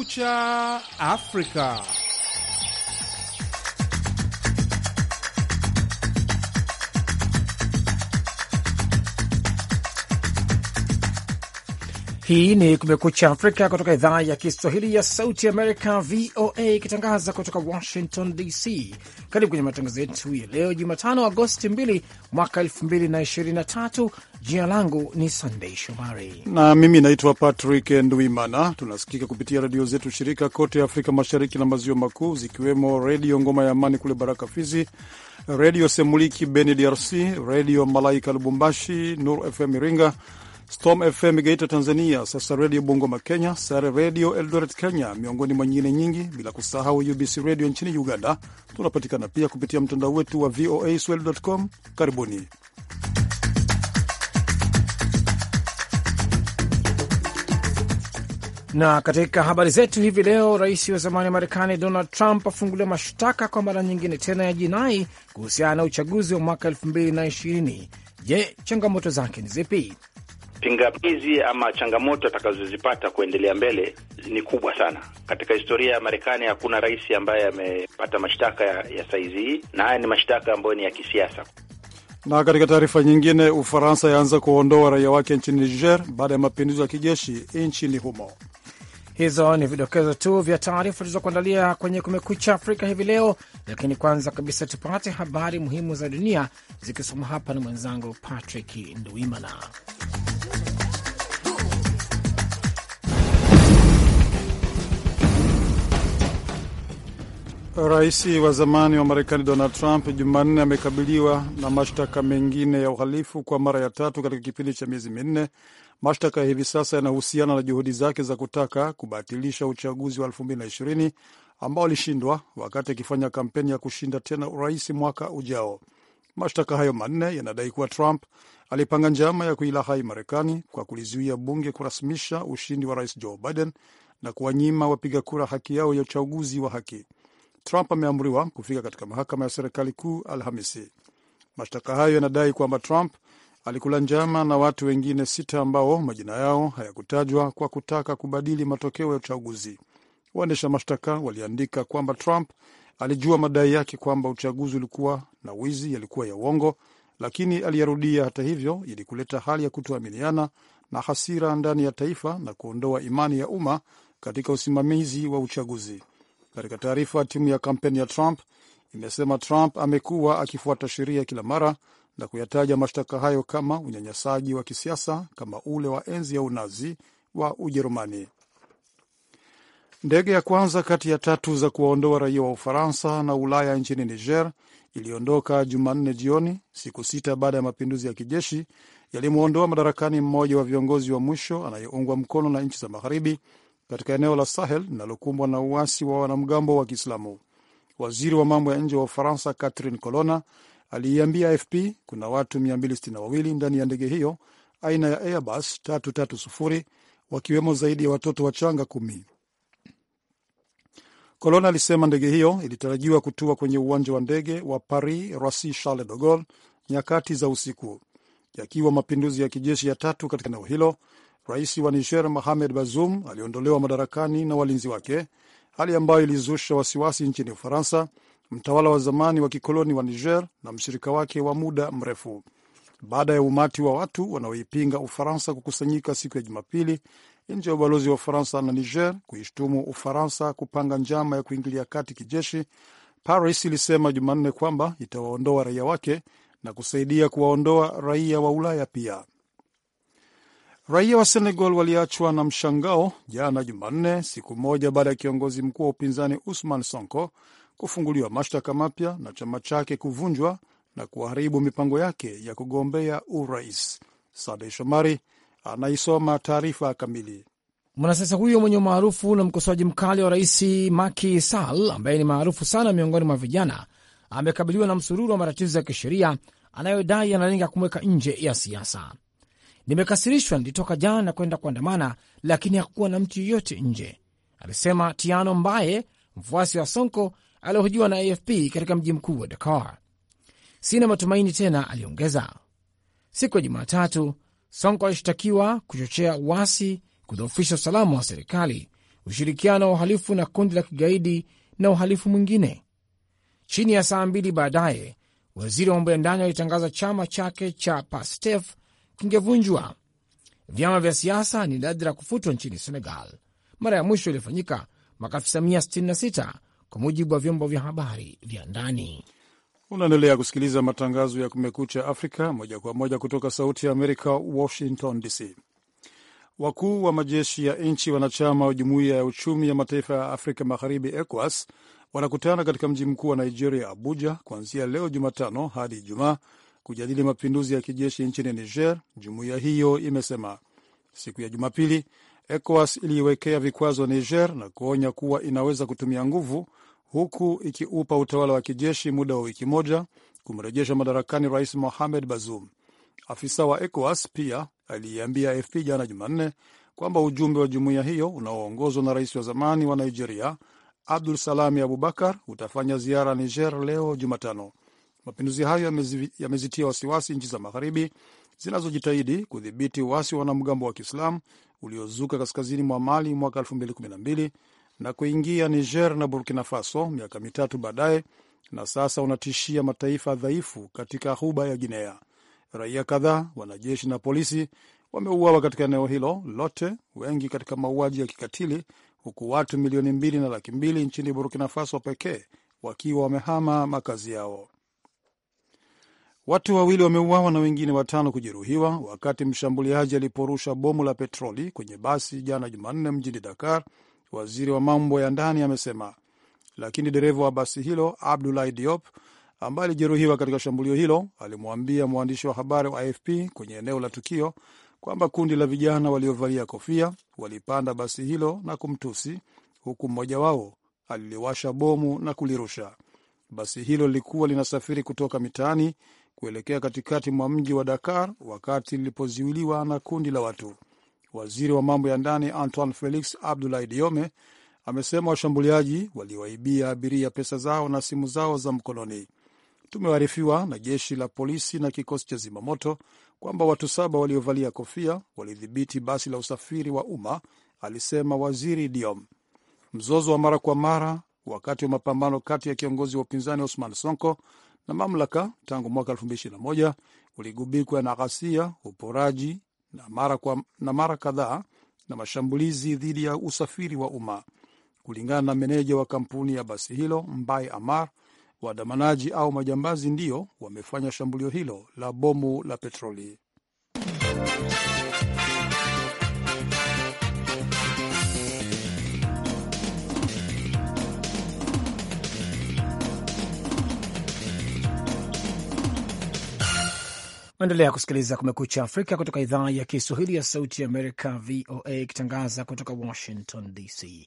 Kumekucha Afrika. Hii ni Kumekucha Afrika kutoka idhaa ya Kiswahili ya Sauti Amerika, VOA, ikitangaza kutoka Washington DC. Karibu kwenye matangazo yetu ya leo Jumatano, Agosti 2 mwaka 2023 Jina langu ni Sandei Shomari na mimi naitwa Patrick Ndwimana. Tunasikika kupitia redio zetu shirika kote Afrika Mashariki na Maziwa Makuu, zikiwemo Redio Ngoma ya Amani kule Baraka Fizi, Redio Semuliki Beni DRC, Redio Malaika Lubumbashi, Nur FM Iringa, Storm FM Geita Tanzania, sasa Redio Bungoma Kenya, Sare Redio Eldoret Kenya, miongoni mwa nyingine nyingi, bila kusahau UBC Redio nchini Uganda. Tunapatikana pia kupitia mtandao wetu wa VOA swahili.com. Karibuni. Na katika habari zetu hivi leo, rais wa zamani wa Marekani Donald Trump afunguliwa mashtaka kwa mara nyingine tena ya jinai kuhusiana na uchaguzi wa mwaka elfu mbili na ishirini. Je, changamoto zake ni zipi? Pingamizi ama changamoto atakazozipata kuendelea mbele ni kubwa sana. Katika historia ya Marekani hakuna rais ambaye amepata mashtaka ya, ya saizi hii, na haya ni mashtaka ambayo ni ya kisiasa. Na katika taarifa nyingine, Ufaransa yaanza kuondoa raia wake nchini Niger baada ya mapinduzi ya kijeshi nchini humo. Hizo ni vidokezo tu vya taarifa tulizokuandalia kwenye Kumekucha Afrika hivi leo, lakini kwanza kabisa tupate habari muhimu za dunia zikisoma hapa na mwenzangu Patrick Nduimana. Rais wa zamani wa Marekani Donald Trump Jumanne amekabiliwa na mashtaka mengine ya uhalifu kwa mara ya tatu katika kipindi cha miezi minne Mashtaka ya hivi sasa yanahusiana na juhudi zake za kutaka kubatilisha uchaguzi wa 2020 ambao alishindwa wakati akifanya kampeni ya kushinda tena urais mwaka ujao. Mashtaka hayo manne yanadai kuwa Trump alipanga njama ya kuilahai Marekani kwa kulizuia bunge kurasmisha ushindi wa rais Joe Biden na kuwanyima wapiga kura haki yao ya uchaguzi wa haki. Trump ameamriwa kufika katika mahakama ya serikali kuu Alhamisi. Mashtaka hayo yanadai kwamba Trump alikula njama na watu wengine sita ambao majina yao hayakutajwa kwa kutaka kubadili matokeo ya uchaguzi. Waendesha mashtaka waliandika kwamba Trump alijua madai yake kwamba uchaguzi ulikuwa na wizi yalikuwa ya uongo, lakini aliyarudia hata hivyo, ili kuleta hali ya kutoaminiana na hasira ndani ya taifa na kuondoa imani ya umma katika usimamizi wa uchaguzi. Katika taarifa, timu ya kampeni ya Trump imesema Trump amekuwa akifuata sheria kila mara na kuyataja mashtaka hayo kama unyanyasaji wa kisiasa kama ule wa enzi ya unazi wa Ujerumani. Ndege ya kwanza kati ya tatu za kuwaondoa raia wa Ufaransa na Ulaya nchini Niger iliondoka Jumanne jioni, siku sita baada ya mapinduzi ya kijeshi yalimwondoa madarakani mmoja wa viongozi wa mwisho anayeungwa mkono na nchi za magharibi katika eneo la Sahel linalokumbwa na uasi wa wanamgambo wa Kiislamu. Waziri wa mambo ya nje wa Ufaransa Catherine Colonna aliiambia AFP kuna watu 262 ndani ya ndege hiyo aina ya Airbus 330 wakiwemo zaidi ya watoto wachanga kumi. Colon alisema ndege hiyo ilitarajiwa kutua kwenye uwanja wa ndege wa Paris Roissy Charles de Gaulle nyakati za usiku, yakiwa mapinduzi ya kijeshi ya tatu katika eneo hilo. Rais wa Niger Mohamed Bazoum aliondolewa madarakani na walinzi wake, hali ambayo ilizusha wasiwasi nchini Ufaransa mtawala wa zamani wa kikoloni wa Niger na mshirika wake wa muda mrefu. Baada ya umati wa watu wanaoipinga Ufaransa kukusanyika siku ya Jumapili nje ya ubalozi wa Ufaransa na Niger kuishtumu Ufaransa kupanga njama ya kuingilia kati kijeshi, Paris ilisema Jumanne kwamba itawaondoa raia wake na kusaidia kuwaondoa raia wa Ulaya pia. Raia wa Senegal waliachwa na mshangao jana Jumanne, siku moja baada ya kiongozi mkuu wa upinzani Usman Sonko kufunguliwa mashtaka mapya na chama chake kuvunjwa na kuharibu mipango yake ya kugombea urais. Sandey Shomari anaisoma taarifa kamili. Mwanasiasa huyo mwenye umaarufu na mkosoaji mkali wa rais Macky Sall, ambaye ni maarufu sana miongoni mwa vijana, amekabiliwa na msururu wa matatizo ya kisheria anayodai analenga kumweka nje ya siasa. Nimekasirishwa, nilitoka jana na kwenda kuandamana, lakini hakukuwa na mtu yeyote nje, alisema Tiano Mbaye, mfuasi wa Sonko aliyohojiwa na AFP katika mji mkuu wa Dakar. Sina matumaini tena, aliongeza. Siku ya Jumatatu, Sonko alishtakiwa kuchochea uasi, kudhoofisha usalama wa serikali, ushirikiano wa uhalifu na kundi la kigaidi na uhalifu mwingine. Chini ya saa mbili baadaye, waziri wa mambo ya ndani alitangaza chama chake cha PASTEF kingevunjwa. Vyama vya siasa ni nadra kufutwa nchini Senegal. Mara ya mwisho ilifanyika mwaka 1966 kwa mujibu wa vyombo vya habari vya ndani. Unaendelea kusikiliza matangazo ya Kumekucha Afrika moja kwa moja kutoka Sauti ya Amerika, Washington DC. Wakuu wa majeshi ya nchi wanachama wa Jumuiya ya Uchumi ya Mataifa ya Afrika Magharibi, ECOWAS, wanakutana katika mji mkuu wa Nigeria, Abuja, kuanzia leo Jumatano hadi Ijumaa kujadili mapinduzi ya kijeshi nchini Niger. Jumuiya hiyo imesema siku ya Jumapili ECOWAS iliiwekea vikwazo Niger na kuonya kuwa inaweza kutumia nguvu huku ikiupa utawala wa kijeshi muda wa wiki moja kumrejesha madarakani rais Mohamed Bazoum. Afisa wa ECOWAS pia aliiambia AFP jana Jumanne kwamba ujumbe wa jumuiya hiyo unaoongozwa na rais wa zamani wa Nigeria Abdul Salami Abubakar utafanya ziara Niger leo Jumatano. Mapinduzi hayo yamezitia wasiwasi nchi za magharibi zinazojitahidi kudhibiti wasi wa wanamgambo wa Kiislamu uliozuka kaskazini mwa Mali mwaka na kuingia Niger na Burkina Faso miaka mitatu baadaye, na sasa unatishia mataifa dhaifu katika ghuba ya Guinea. Raia kadhaa, wanajeshi na polisi wameuawa katika eneo hilo lote, wengi katika mauaji ya kikatili, huku watu milioni mbili na laki mbili nchini Burkina Faso pekee wakiwa wamehama makazi yao. Watu wawili wameuawa na wengine watano kujeruhiwa wakati mshambuliaji aliporusha bomu la petroli kwenye basi jana Jumanne mjini Dakar waziri wa mambo ya ndani amesema. Lakini dereva wa basi hilo Abdulahi Diop, ambaye alijeruhiwa katika shambulio hilo, alimwambia mwandishi wa habari wa AFP kwenye eneo la tukio kwamba kundi la vijana waliovalia kofia walipanda basi hilo na kumtusi, huku mmoja wao aliliwasha bomu na kulirusha. Basi hilo lilikuwa linasafiri kutoka mitaani kuelekea katikati mwa mji wa Dakar wakati lilipoziwiliwa na kundi la watu. Waziri wa mambo ya ndani Antoine Felix Abdoulaye Diome amesema washambuliaji waliwaibia abiria pesa zao na simu zao za mkononi. Tumewaarifiwa na jeshi la polisi na kikosi cha zimamoto kwamba watu saba waliovalia kofia walidhibiti basi la usafiri wa umma, alisema waziri Diom. Mzozo wa mara kwa mara wakati wa mapambano kati ya kiongozi wa upinzani Osman Sonko na mamlaka tangu mwaka 2021 uligubikwa na ghasia, uporaji, na mara, kwa, na mara kadhaa na mashambulizi dhidi ya usafiri wa umma. Kulingana na meneja wa kampuni ya basi hilo Mbai Amar, waandamanaji au majambazi ndio wamefanya shambulio hilo la bomu la petroli. naendelea kusikiliza Kumekucha Afrika kutoka idhaa ya Kiswahili ya Sauti ya Amerika, VOA, ikitangaza kutoka Washington DC.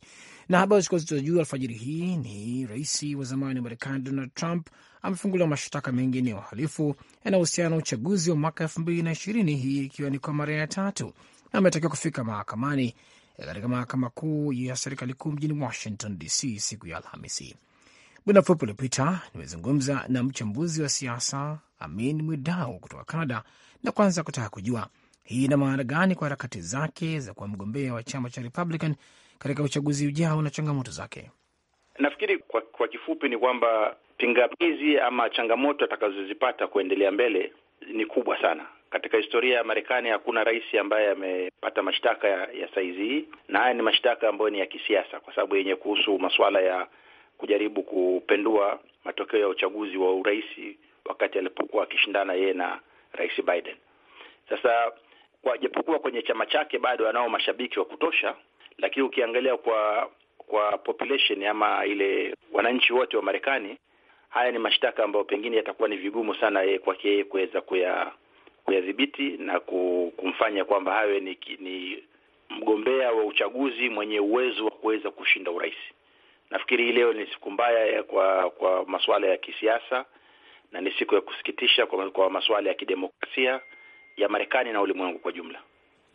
Na habari zikuwa zito juu alfajiri hii ni rais wa zamani wa Marekani Donald Trump amefunguliwa mashtaka mengine ya uhalifu yanayohusiana na uchaguzi wa mwaka elfu mbili na ishirini, hii ikiwa ni kwa mara ya tatu, na ametakiwa kufika mahakamani eh, katika mahakama kuu ya serikali kuu mjini Washington DC siku ya Alhamisi. Muda mfupi uliopita nimezungumza na mchambuzi wa siasa Amin Mwidau kutoka Canada, na kwanza kutaka kujua hii ina maana gani kwa harakati zake za kuwa mgombea wa chama cha Republican katika uchaguzi ujao na changamoto zake. Nafikiri kwa, kwa kifupi ni kwamba pingamizi ama changamoto atakazozipata kuendelea mbele ni kubwa sana. Katika historia ya Marekani hakuna rais ambaye amepata mashtaka ya, ya saizi hii, na haya ni mashtaka ambayo ni ya kisiasa, kwa sababu yenye kuhusu masuala ya kujaribu kupendua matokeo ya uchaguzi wa urais wakati alipokuwa akishindana yeye na Rais Biden. Sasa kwa japokuwa kwenye chama chake bado anao mashabiki wa kutosha, lakini ukiangalia kwa kwa population ama ile wananchi wote wa Marekani, haya ni mashtaka ambayo pengine yatakuwa ni vigumu sana yeye kwake yeye kuweza kuya kuyadhibiti na kumfanya kwamba hawe ni, ni mgombea wa uchaguzi mwenye uwezo wa kuweza kushinda urais. Nafikiri hii leo ni siku mbaya kwa kwa masuala ya kisiasa na ni siku ya kusikitisha kwa, kwa masuala ya kidemokrasia ya Marekani na ulimwengu kwa jumla.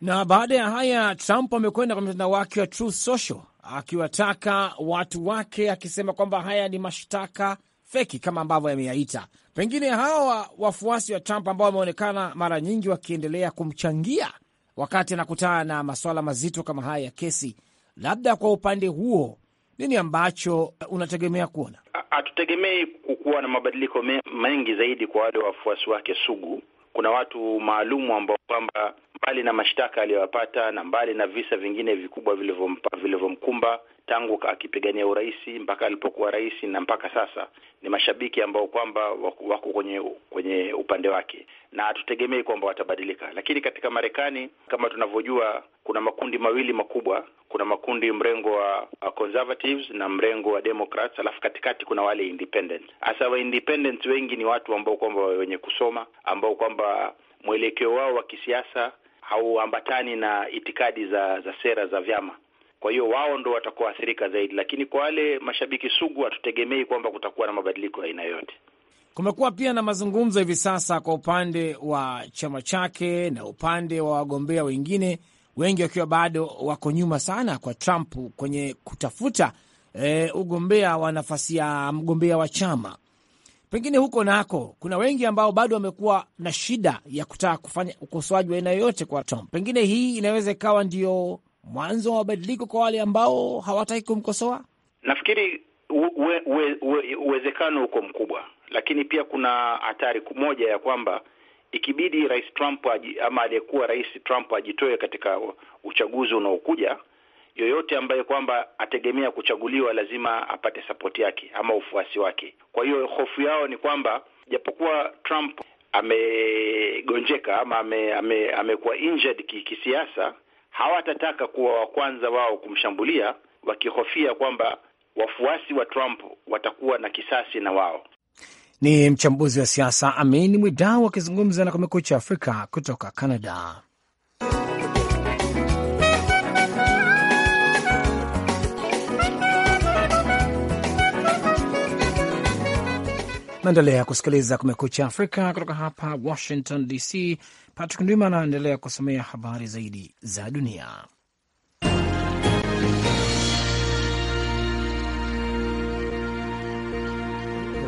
Na baada ya haya, Trump amekwenda kwa mtandao wake wa Truth Social akiwataka watu wake, akisema kwamba haya ni mashtaka feki kama ambavyo yameyaita. Pengine hawa wafuasi wa Trump ambao wameonekana mara nyingi wakiendelea kumchangia wakati anakutana na maswala mazito kama haya ya kesi, labda kwa upande huo nini ambacho eh, unategemea kuona? Hatutegemei kuwa na mabadiliko mengi zaidi kwa wale wafuasi wake sugu. Kuna watu maalumu ambao kwamba mbali na mashtaka aliyoyapata na mbali na visa vingine vikubwa vilivyomkumba tangu akipigania urais mpaka alipokuwa rais na mpaka sasa, ni mashabiki ambao kwamba wako kwenye kwenye upande wake, na hatutegemei kwamba watabadilika. Lakini katika Marekani kama tunavyojua, kuna makundi mawili makubwa. Kuna makundi mrengo wa, wa conservatives na mrengo wa Democrats, alafu katikati kuna wale independent. Hasa wa independent wengi ni watu ambao kwamba wenye kusoma ambao kwamba mwelekeo wao wa kisiasa hauambatani na itikadi za za sera za vyama. Kwa hiyo wao ndo watakuathirika zaidi, lakini kwa wale mashabiki sugu hatutegemei kwamba kutakuwa na mabadiliko ya aina yoyote. Kumekuwa pia na mazungumzo hivi sasa kwa upande wa chama chake na upande wa wagombea wengine, wengi wakiwa bado wako nyuma sana kwa Trump kwenye kutafuta e, ugombea wa nafasi ya mgombea wa chama Pengine huko nako kuna wengi ambao bado wamekuwa na shida ya kutaka kufanya ukosoaji wa aina yoyote kwa Trump. Pengine hii inaweza ikawa ndio mwanzo wa mabadiliko kwa wale ambao hawataki kumkosoa. Nafikiri uwezekano uko mkubwa, lakini pia kuna hatari moja ya kwamba ikibidi rais Trump ama aliyekuwa rais Trump ajitoe katika uchaguzi unaokuja yoyote ambaye kwamba ategemea kuchaguliwa lazima apate sapoti yake ama ufuasi wake. Kwa hiyo hofu yao ni kwamba japokuwa Trump amegonjeka ama amekuwa ame, injured kisiasa, hawatataka kuwa wa kwanza wao kumshambulia, wakihofia kwamba wafuasi wa Trump watakuwa na kisasi na wao. Ni mchambuzi wa siasa Amin Mwidau akizungumza na Kumekucha Afrika kutoka Canada. Naendelea kusikiliza Kumekucha Afrika kutoka hapa Washington DC. Patrick Ndwima anaendelea kusomea habari zaidi za dunia.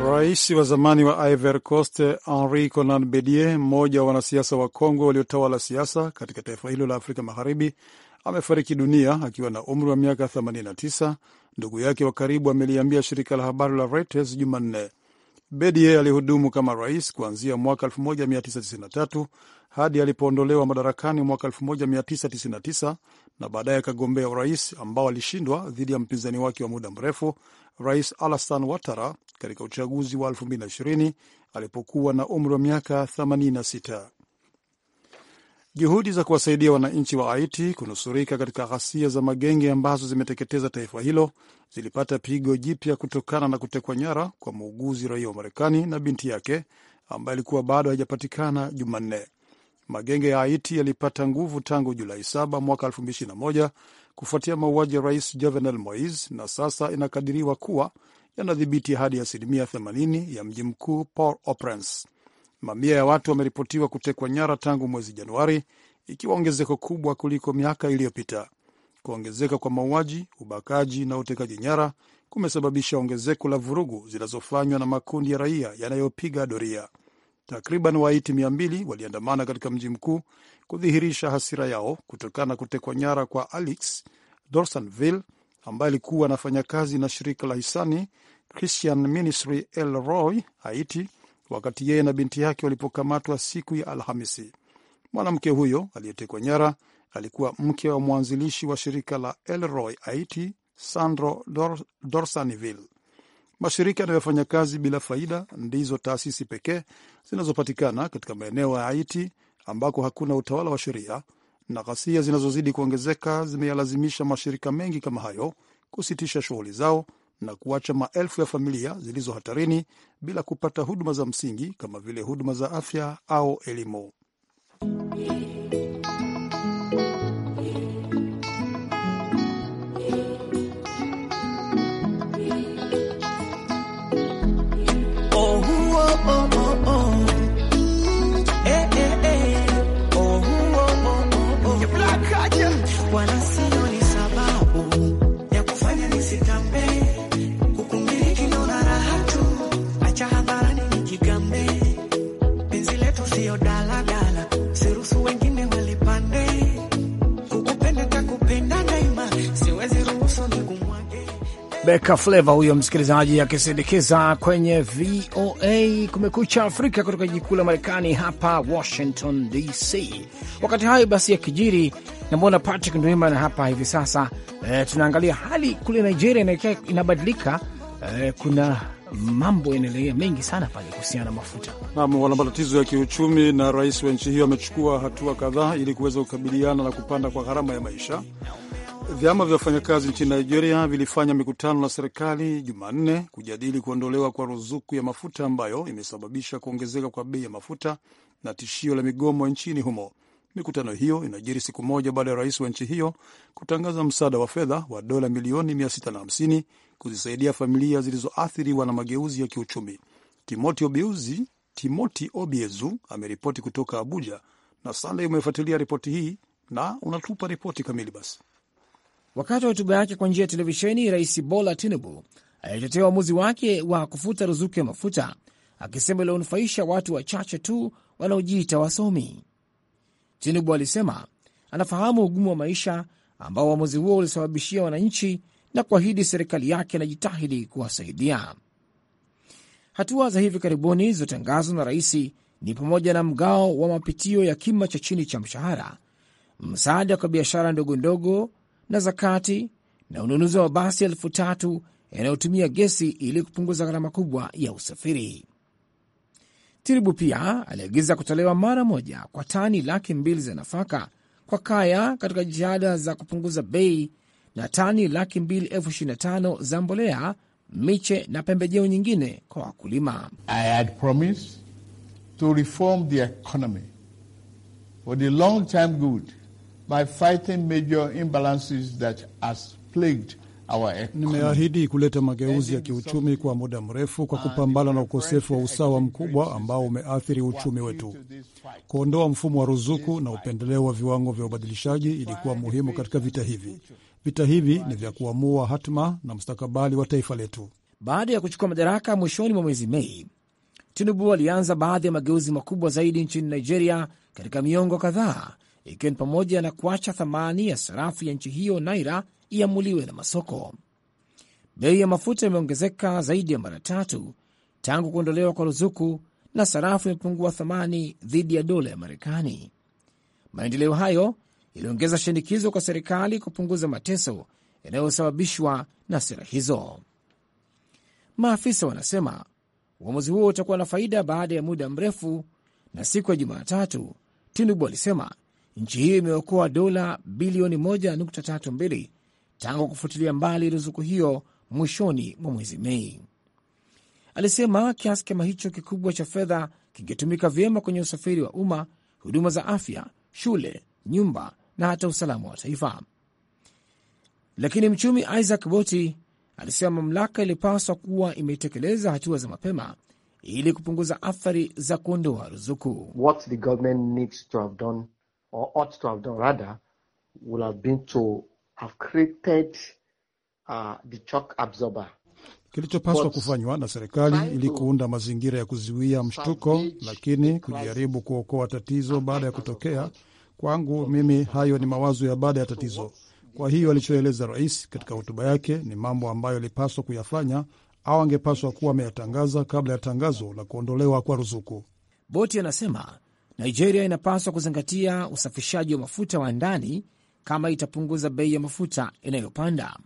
Rais wa zamani wa Ivory Coast Henri Konan Bedie, mmoja wa wanasiasa wa kongwe waliotawala siasa katika taifa hilo la Afrika Magharibi, amefariki dunia akiwa na umri wa miaka 89. Ndugu yake wa karibu ameliambia shirika la habari la Reuters Jumanne bedie alihudumu kama rais kuanzia mwaka 1993 hadi alipoondolewa madarakani mwaka 1999 na baadaye akagombea urais ambao alishindwa dhidi ya mpinzani wake wa muda mrefu Rais Alassane Ouattara katika uchaguzi wa 2020 alipokuwa na umri wa miaka 86. Juhudi za kuwasaidia wananchi wa Haiti kunusurika katika ghasia za magenge ambazo zimeteketeza taifa hilo zilipata pigo jipya kutokana na kutekwa nyara kwa muuguzi raia wa Marekani na binti yake ambaye alikuwa bado haijapatikana Jumanne. Magenge ya Haiti yalipata nguvu tangu Julai 7 mwaka 2021 kufuatia mauaji ya rais Jovenel Moise, na sasa inakadiriwa kuwa yanadhibiti hadi asilimia 80 ya mji mkuu Port au Prince. Mamia ya watu wameripotiwa kutekwa nyara tangu mwezi Januari, ikiwa ongezeko kubwa kuliko miaka iliyopita. Kuongezeka kwa mauaji, ubakaji na utekaji nyara kumesababisha ongezeko la vurugu zinazofanywa na makundi ya raia yanayopiga doria. Takriban Wahaiti mia mbili waliandamana katika mji mkuu kudhihirisha hasira yao kutokana na kutekwa nyara kwa alix Dorsanville ambaye alikuwa anafanya kazi na shirika la hisani Christian Ministry El Roy Haiti wakati yeye na binti yake walipokamatwa siku ya Alhamisi. Mwanamke huyo aliyetekwa nyara alikuwa mke wa mwanzilishi wa shirika la Elroy Haiti, Sandro Dor Dorsanville. Mashirika yanayofanya kazi bila faida ndizo taasisi pekee zinazopatikana katika maeneo ya Haiti ambako hakuna utawala wa sheria, na ghasia zinazozidi kuongezeka zimeyalazimisha mashirika mengi kama hayo kusitisha shughuli zao na kuacha maelfu ya familia zilizo hatarini bila kupata huduma za msingi kama vile huduma za afya au elimu. Beka Fleva huyo msikilizaji akisindikiza kwenye VOA Kumekucha Afrika kutoka jiji kuu la Marekani hapa Washington DC. Wakati hayo basi yakijiri, namwona Patrick Ndwimana hapa hivi sasa. E, tunaangalia hali kule Nigeria inaelekea inabadilika. E, kuna mambo yanaendelea mengi sana pale kuhusiana na mafuta nam, wana matatizo ya kiuchumi, na rais wa nchi hiyo amechukua hatua kadhaa ili kuweza kukabiliana na kupanda kwa gharama ya maisha. Vyama vya wafanyakazi nchini Nigeria vilifanya mikutano na serikali Jumanne kujadili kuondolewa kwa ruzuku ya mafuta ambayo imesababisha kuongezeka kwa bei ya mafuta na tishio la migomo nchini humo. Mikutano hiyo inajiri siku moja baada ya rais wa nchi hiyo kutangaza msaada wa fedha wa dola milioni kuzisaidia familia zilizoathiriwa na mageuzi ya kiuchumi. Timoti Obiezu, Timoti Obiezu ameripoti kutoka Abuja na Sandey umefuatilia ripoti hii na unatupa ripoti kamili. Basi, wakati wa hotuba yake kwa njia ya televisheni, Rais Bola Tinubu alitetea uamuzi wake wa kufuta ruzuku ya mafuta akisema ilionufaisha watu wachache tu wanaojiita wasomi. Tinubu alisema anafahamu ugumu wa maisha ambao uamuzi huo ulisababishia wananchi na kuahidi serikali yake inajitahidi kuwasaidia. Hatua za hivi karibuni zilizotangazwa na rais ni pamoja na mgao wa mapitio ya kima cha chini cha mshahara, msaada kwa biashara ndogo ndogo na zakati, na ununuzi wa mabasi elfu tatu yanayotumia gesi ili kupunguza gharama kubwa ya usafiri. Tiribu pia aliagiza kutolewa mara moja kwa tani laki mbili za nafaka kwa kaya katika jitihada za kupunguza bei na tani laki mbili elfu ishirini na tano za mbolea, miche na pembejeo nyingine kwa wakulima. Nimeahidi kuleta mageuzi ya kiuchumi kwa muda mrefu kwa kupambana na ukosefu wa usawa mkubwa ambao umeathiri uchumi wetu. Kuondoa mfumo wa ruzuku na upendeleo wa viwango vya ubadilishaji ilikuwa muhimu katika vita hivi. Vita hivi ni vya kuamua hatima na mustakabali wa taifa letu. Baada ya kuchukua madaraka mwishoni mwa mwezi Mei, Tinubu alianza baadhi ya mageuzi makubwa zaidi nchini Nigeria katika miongo kadhaa, ikiwa ni pamoja na kuacha thamani ya sarafu ya nchi hiyo naira iamuliwe na masoko. Bei ya mafuta imeongezeka zaidi ya mara tatu tangu kuondolewa kwa ruzuku na sarafu imepungua thamani dhidi ya dola ya Marekani. Maendeleo hayo iliongeza shinikizo kwa serikali kupunguza mateso yanayosababishwa na sera hizo. Maafisa wanasema uamuzi huo utakuwa na faida baada ya muda mrefu, na siku ya Jumatatu Tinubu alisema nchi hiyo imeokoa dola bilioni 1.32 tangu kufutilia mbali ruzuku hiyo mwishoni mwa mwezi Mei. Alisema kiasi kama hicho kikubwa cha fedha kingetumika vyema kwenye usafiri wa umma, huduma za afya, shule, nyumba na hata usalama wa taifa. Lakini mchumi Isaac Boti alisema mamlaka ilipaswa kuwa imetekeleza hatua za mapema ili kupunguza athari za kuondoa ruzuku. Uh, Kilichopaswa kufanywa na serikali ili kuunda mazingira ya kuzuia mshtuko, lakini kujaribu kuokoa tatizo baada ya kutokea Kwangu mimi hayo ni mawazo ya baada ya tatizo. Kwa hiyo alichoeleza rais katika hotuba yake ni mambo ambayo alipaswa kuyafanya au angepaswa kuwa ameyatangaza kabla ya tangazo la kuondolewa kwa ruzuku. Boti anasema Nigeria inapaswa kuzingatia usafishaji wa mafuta wa ndani kama itapunguza bei ya mafuta inayopanda.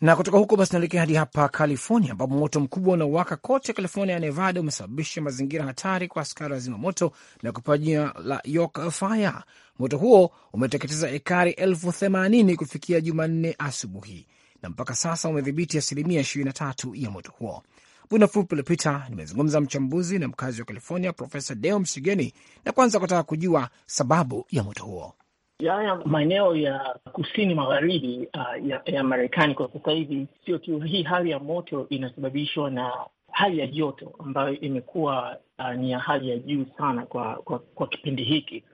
Na kutoka huko basi naelekea hadi hapa California, ambapo moto mkubwa unaowaka kote California ya Nevada umesababisha mazingira hatari kwa askari wa zima moto na kupewa jina la York Fire. Moto huo umeteketeza ekari elfu themanini kufikia Jumanne asubuhi na mpaka sasa umedhibiti asilimia tatu ya moto huo. Muda mfupi uliopita nimezungumza mchambuzi na mkazi wa California Profesa Deo Msigeni, na kwanza kutaka kujua sababu ya moto huo. Haya maeneo ya kusini magharibi uh, ya, ya Marekani kwa sasa hivi sio tu hii hali ya moto inasababishwa na hali ya joto ambayo imekuwa uh, ni ya hali ya juu sana kwa, kwa, kwa kipindi hiki,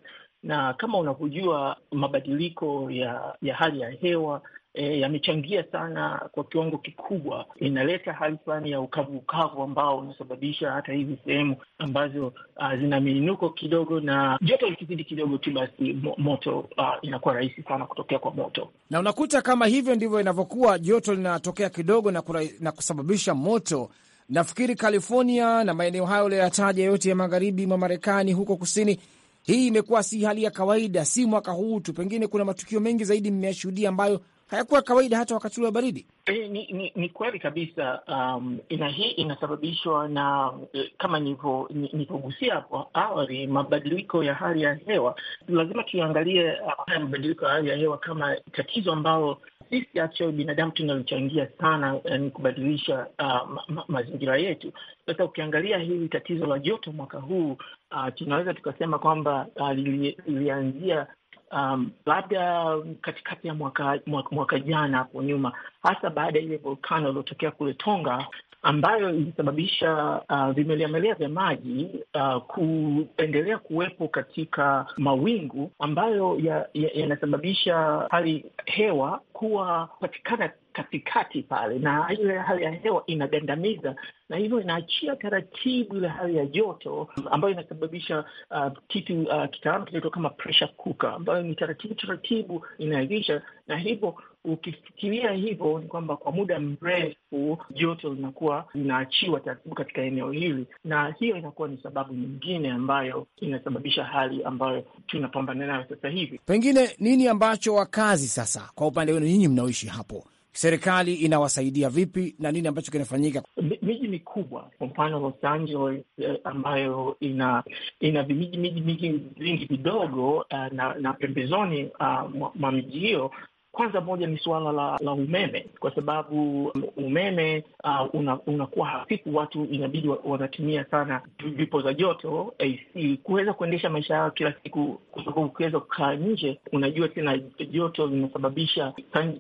na kama unavyojua mabadiliko ya, ya hali ya hewa e, yamechangia sana kwa kiwango kikubwa. Inaleta hali fulani ya ukavu ukavu ambao unasababisha hata hizi sehemu ambazo uh, zina miinuko kidogo na joto likizidi kidogo tu, basi moto uh, inakuwa rahisi sana kutokea kwa moto, na unakuta kama hivyo ndivyo inavyokuwa, joto linatokea kidogo na, kura, na kusababisha moto. Nafikiri California na maeneo hayo uliyoyataja yote ya magharibi mwa Marekani, huko kusini, hii imekuwa si hali ya kawaida, si mwaka huu tu, pengine kuna matukio mengi zaidi mmeyashuhudia ambayo hayakuwa kawaida hata wakati ule wa baridi. E, ni, ni, ni kweli kabisa. Um, ina hii inasababishwa na eh, kama nilivyogusia hapo awali, mabadiliko ya hali ya hewa. Lazima tuangalie haya uh, mabadiliko ya hali ya hewa kama tatizo ambalo sisi actually binadamu tunalichangia sana eh, ni kubadilisha uh, ma ma mazingira yetu. Sasa ukiangalia hili tatizo la joto mwaka huu uh, tunaweza tukasema kwamba uh, lilianzia um, labda katikati ya mwaka, mwaka, mwaka jana hapo nyuma, hasa baada ya ile volkano iliyotokea kule Tonga ambayo ilisababisha uh, vimeliamelea vya maji uh, kuendelea kuwepo katika mawingu ambayo yanasababisha ya, ya hali hewa kuwa patikana katikati pale, na ile hali ya hewa inagandamiza, na hivyo inaachia taratibu ile hali ya joto ambayo inasababisha uh, kitu uh, kitaalamu kinaitwa kama pressure cooker, ambayo ni taratibu taratibu inaairisha, na hivyo ukifikiria hivyo ni kwamba kwa muda mrefu joto linakuwa linaachiwa taratibu katika eneo hili, na hiyo inakuwa ni sababu nyingine ambayo inasababisha hali ambayo tunapambana nayo sasa hivi. Pengine nini ambacho wakazi sasa, kwa upande wenu nyinyi mnaoishi hapo serikali inawasaidia vipi na nini ambacho kinafanyika? Miji mikubwa kwa mfano Los Angeles eh, ambayo ina ina vimiji miji mingi vingi vidogo eh, na, na pembezoni uh, mwa miji hiyo kwanza moja ni suala la, la umeme kwa sababu umeme uh, unakuwa una hafifu, watu inabidi wanatumia sana vipo za joto AC kuweza kuendesha maisha yao kila siku, kwa sababu ukiweza kukaa nje, unajua tena joto linasababisha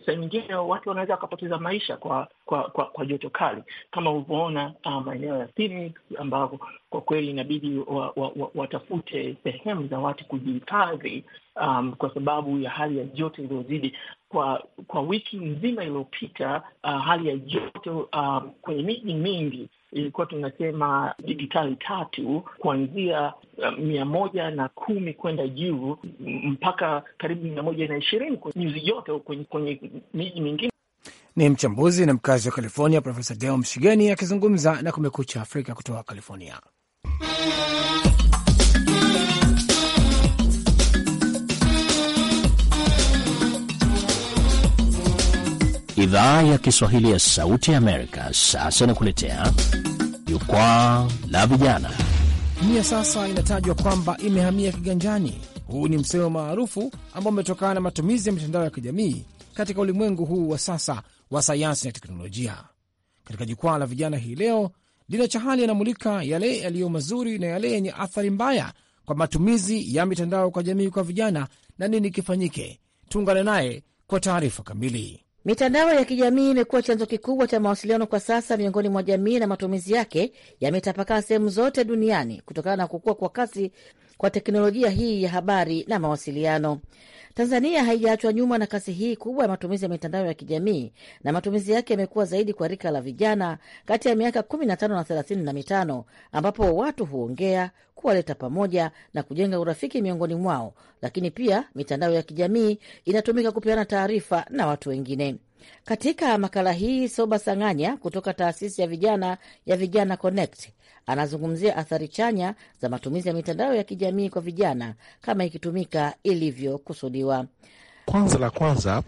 saa nyingine watu wanaweza wakapoteza maisha kwa kwa, kwa kwa joto kali kama ulivyoona uh, maeneo ya Phoenix ambao kwa kweli inabidi wa, wa, wa, watafute sehemu za watu kujihifadhi, um, kwa sababu ya hali ya joto iliyozidi kwa kwa wiki nzima iliyopita. Uh, hali ya joto um, kwenye miji mingi ilikuwa tunasema digitali tatu kuanzia uh, mia moja na kumi kwenda juu mpaka karibu mia moja na ishirini nyuzi joto kwenye, kwenye miji mingine. Ni mchambuzi na mkazi wa California Profesa Deo Mshigeni akizungumza na Kumekucha Afrika kutoka California. Idhaa ya Kiswahili ya Sauti ya Amerika sasa inakuletea jukwaa la vijana. Dunia sasa inatajwa kwamba imehamia kiganjani. Huu ni msemo maarufu ambao umetokana na matumizi ya mitandao ya kijamii katika ulimwengu huu wa sasa wa sayansi na teknolojia. Katika jukwaa la vijana hii leo, Dina Chahali anamulika yale yaliyo mazuri na yale yenye athari mbaya kwa matumizi ya mitandao kwa jamii kwa vijana na nini kifanyike. Tuungane naye kwa taarifa kamili. Mitandao ya kijamii imekuwa chanzo kikubwa cha mawasiliano kwa sasa miongoni mwa jamii, na matumizi yake yametapakaa sehemu zote duniani kutokana na kukua kwa kasi kwa teknolojia hii ya habari na mawasiliano. Tanzania haijaachwa nyuma na kasi hii kubwa ya matumizi ya mitandao ya kijamii, na matumizi yake yamekuwa zaidi kwa rika la vijana kati ya miaka 15 na 35, ambapo watu huongea, kuwaleta pamoja na kujenga urafiki miongoni mwao. Lakini pia mitandao ya kijamii inatumika kupeana taarifa na watu wengine. Katika makala hii, Soba Sang'anya kutoka taasisi ya vijana ya Vijana Connect Anazungumzia athari chanya za matumizi ya mitandao ya kijamii kwa vijana kama ikitumika ilivyokusudiwa. Kwanza la kwanza,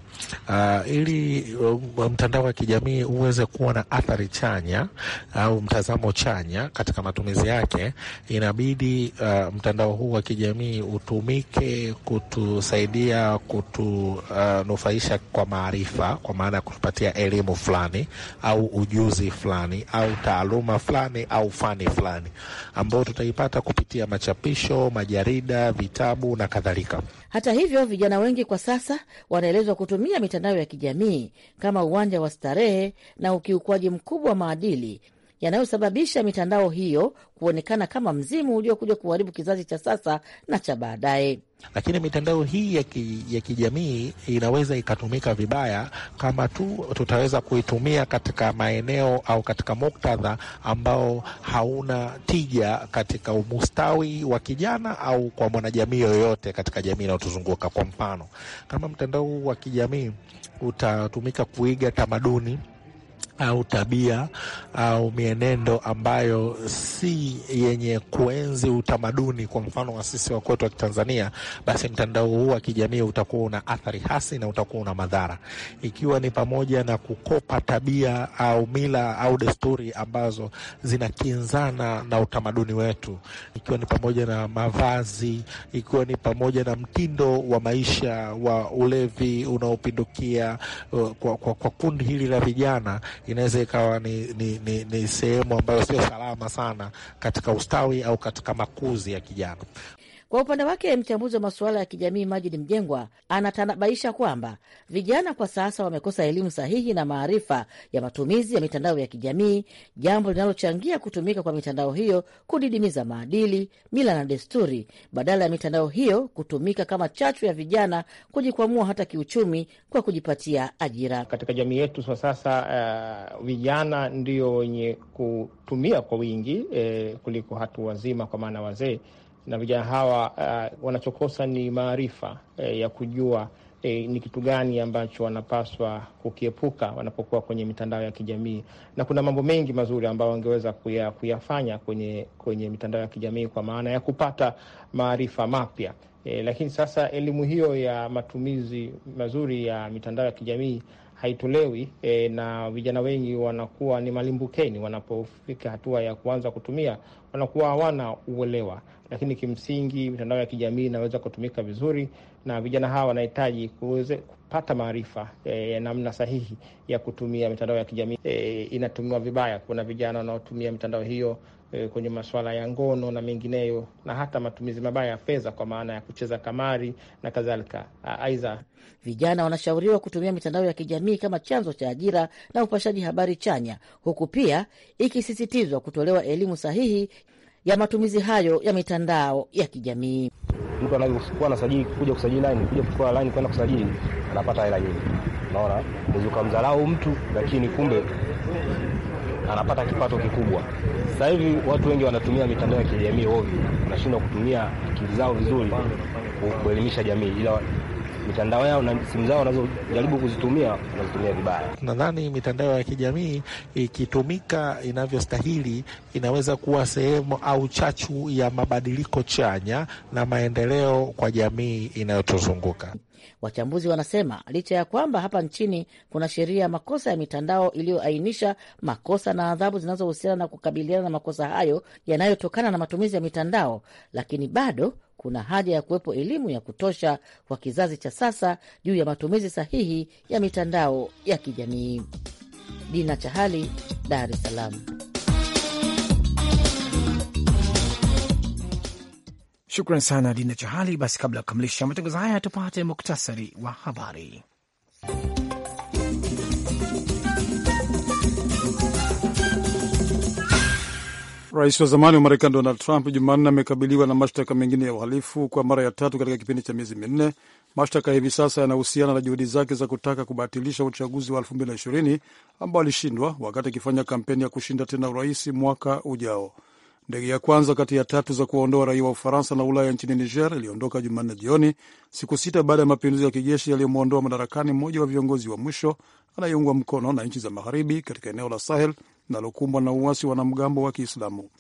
uh, ili uh, mtandao wa kijamii uweze kuwa na athari chanya au uh, mtazamo chanya katika matumizi yake, inabidi uh, mtandao huu wa kijamii utumike kutusaidia kutunufaisha uh, kwa maarifa, kwa maana ya kutupatia elimu fulani au ujuzi fulani au taaluma fulani au fani fulani ambayo tutaipata kupitia machapisho, majarida, vitabu na kadhalika. Hata hivyo, vijana wengi kwa sasa sasa wanaelezwa kutumia mitandao ya kijamii kama uwanja wa starehe na ukiukwaji mkubwa wa maadili yanayosababisha mitandao hiyo kuonekana kama mzimu uliokuja kuharibu kizazi cha sasa na cha baadaye. Lakini mitandao hii ya, ki, ya kijamii inaweza ikatumika vibaya kama tu tutaweza kuitumia katika maeneo au katika muktadha ambao hauna tija katika umustawi wa kijana au kwa mwanajamii yoyote katika jamii inayotuzunguka. Kwa mfano, kama mtandao wa kijamii utatumika kuiga tamaduni au tabia au mienendo ambayo si yenye kuenzi utamaduni, kwa mfano wa sisi wakwetu wa Kitanzania, basi mtandao huu wa kijamii utakuwa una athari hasi na utakuwa una madhara, ikiwa ni pamoja na kukopa tabia au mila au desturi ambazo zinakinzana na utamaduni wetu, ikiwa ni pamoja na mavazi, ikiwa ni pamoja na mtindo wa maisha wa ulevi unaopindukia uh, kwa, kwa, kwa kundi hili la vijana inaweza ikawa ni, ni, ni, ni sehemu ambayo sio salama sana katika ustawi au katika makuzi ya kijana. Kwa upande wake mchambuzi wa masuala ya kijamii Majidi Mjengwa anatanabaisha kwamba vijana kwa sasa wamekosa elimu sahihi na maarifa ya matumizi ya mitandao ya kijamii, jambo linalochangia kutumika kwa mitandao hiyo kudidimiza maadili, mila na desturi, badala ya mitandao hiyo kutumika kama chachu ya vijana kujikwamua hata kiuchumi kwa kujipatia ajira katika jamii yetu. Kwa sasa uh, vijana ndio wenye kutumia kwa wingi eh, kuliko hatu wazima, kwa maana wazee na vijana hawa uh, wanachokosa ni maarifa eh, ya kujua E, ni kitu gani ambacho wanapaswa kukiepuka wanapokuwa kwenye mitandao ya kijamii, na kuna mambo mengi mazuri ambayo wangeweza kuya, kuyafanya kwenye, kwenye mitandao ya kijamii kwa maana ya kupata maarifa mapya e, lakini sasa elimu hiyo ya matumizi mazuri ya mitandao ya kijamii haitolewi e, na vijana wengi wanakuwa ni malimbukeni. Wanapofika hatua ya kuanza kutumia, wanakuwa hawana uelewa, lakini kimsingi mitandao ya kijamii inaweza kutumika vizuri, na vijana hawa wanahitaji kupata maarifa e, ya e, namna sahihi ya kutumia mitandao ya kijamii e, inatumiwa vibaya. Kuna vijana wanaotumia mitandao hiyo e, kwenye masuala ya ngono na mengineyo, na hata matumizi mabaya ya fedha kwa maana ya kucheza kamari na kadhalika. Aidha, vijana wanashauriwa kutumia mitandao ya kijamii kama chanzo cha ajira na upashaji habari chanya, huku pia ikisisitizwa kutolewa elimu sahihi ya matumizi hayo ya mitandao ya kijamii. Mtu anavyokuwa sajili kuja kusajili laini kuja kuchukua laini kwenda kusajili anapata hela nyingi, unaona, ukamdharau mtu lakini kumbe anapata kipato kikubwa. Sasa hivi watu wengi wanatumia mitandao ya kijamii ovyo, wanashindwa kutumia akili zao vizuri kuelimisha jamii, ila mitandao yao na simu zao wanazojaribu kuzitumia wanazitumia vibaya. Nadhani mitandao ya kijamii ikitumika inavyostahili inaweza kuwa sehemu au chachu ya mabadiliko chanya na maendeleo kwa jamii inayotuzunguka. Wachambuzi wanasema licha ya kwamba hapa nchini kuna sheria ya makosa ya mitandao iliyoainisha makosa na adhabu zinazohusiana na kukabiliana na makosa hayo yanayotokana na matumizi ya mitandao, lakini bado kuna haja ya kuwepo elimu ya kutosha kwa kizazi cha sasa juu ya matumizi sahihi ya mitandao ya kijamii. Dina Chahali, Dar es Salaam. Shukran sana Dina Chahali. Basi kabla ya kukamilisha matangazo haya, tupate muktasari wa habari. Rais wa zamani wa Marekani Donald Trump Jumanne amekabiliwa na mashtaka mengine ya uhalifu kwa mara ya tatu katika kipindi cha miezi minne. Mashtaka hivi sasa yanahusiana na juhudi zake za kutaka kubatilisha uchaguzi wa 2020 ambao alishindwa wakati akifanya kampeni ya kushinda tena urais mwaka ujao. Ndege ya kwanza kati ya tatu za kuwaondoa raia wa Ufaransa na Ulaya nchini Niger iliondoka Jumanne jioni, siku sita baada ya mapinduzi ya kijeshi yaliyomwondoa madarakani mmoja wa viongozi wa mwisho anayeungwa mkono na nchi za magharibi katika eneo la Sahel linalokumbwa na uasi wa wanamgambo wa Kiislamu.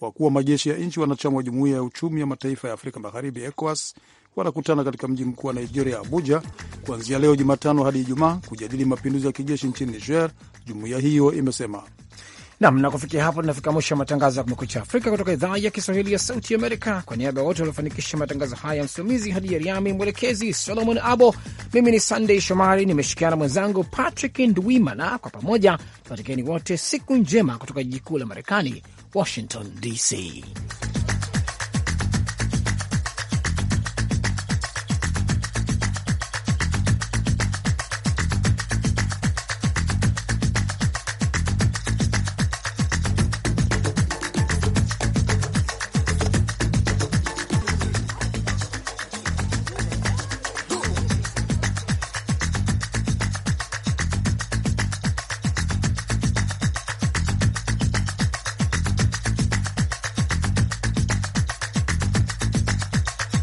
Wakuu wa majeshi ya nchi wanachama wa Jumuiya ya Uchumi ya Mataifa ya Afrika Magharibi, ECOWAS, wanakutana katika mji mkuu wa Nigeria, Abuja, kuanzia leo Jumatano hadi Ijumaa kujadili mapinduzi ya kijeshi nchini Niger, jumuiya hiyo imesema. Nam na kufikia hapo tunafika mwisho wa matangazo ya Kumekucha Afrika kutoka idhaa ya Kiswahili ya Sauti Amerika. Kwa niaba ya wote waliofanikisha matangazo haya, ya msimamizi Hadi Yariami, mwelekezi Solomon Abo, mimi ni Sandey Shomari na mwenzangu Patrick Ndwimana. Kwa pamoja tunatakieni wote siku njema kutoka jiji kuu la Marekani, Washington DC.